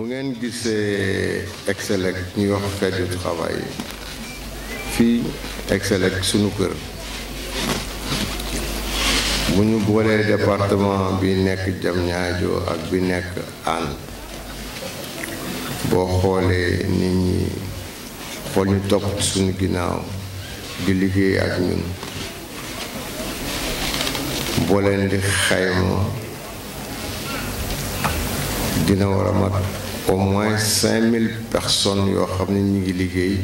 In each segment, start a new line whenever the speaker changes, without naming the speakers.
bu ngeen gisee Excelec ñuy wax fête du fii Excelec sunu kër bu ñu boolee département bi nekk jam Diamniadio ak bi nekk Hann boo xoolee nit ñi xool ñu topp suñu ginnaaw di liggéey ak ñun boo leen di xayma dina war a mat au moins 5000 personnes yoo xam ne ngi liggéey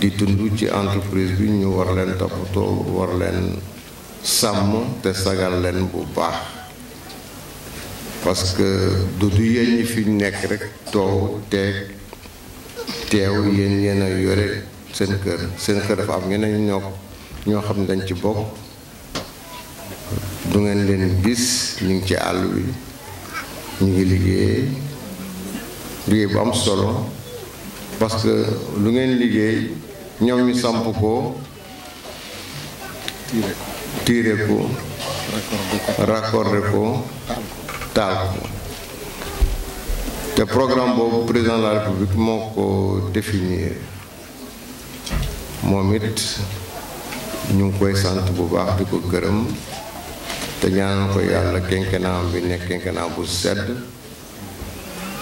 di dund ci entreprise bi ñu war leen toppatoo war leen sàmm te sagal leen bu baax parce que du du yéen fi nekk rek toow teeg teew yéen yéen a yore seen kër seen kër dafa am ñeneen ñoo ñoo xam dañ ci bokk du ngeen leen gis ñu ngi ci àll bi ñu ngi liggéey liggéey bu am solo parce que lu ngeen liggéey ñoom ñu samp ko tiire ko raccordé ko taal ko te programme boobu président la république moo ko définir moom it ñu ngi koy sant bu baax di ko gërëm te ñaanal ko yàlla kenkenaam bi nekk kenkenaam bu sedd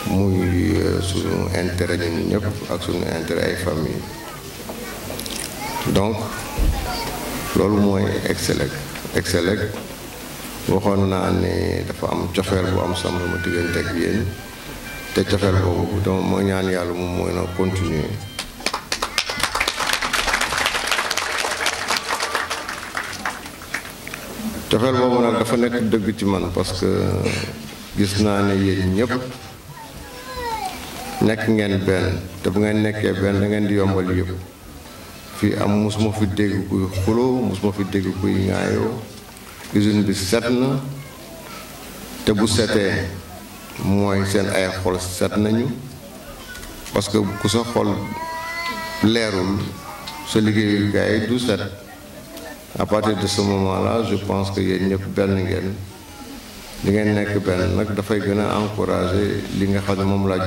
muy euh, suñu intérêt ñun ñëpp ak suñu intérêt ay famille donc loolu mooy Excelec Excelec waxoon naa ne dafa am cofeel bu am sama ma diggante ak yéen te cofeel boobu dama ma yàlla moom mooy na continuer cofeel boobu nag dafa nekk dëgg ci man parce que gis naa ne yéen ñëpp nekk ngeen benn te bu ngeen nekkee ya benn da ngeen di yombal yëpp fii am musmo fi dégg kuy xuloo musmo fi dégg kuy ŋaayoo usine bi set na te bu setee mooy seen ay xol set nañu parce que ku sa xol leerul sa liggéeyukaay du set à partir de ce moment là je pense que yéen ñëpp benn ngeen li ngeen nekk benn nag dafay gën a encourager li nga xam ne moom laa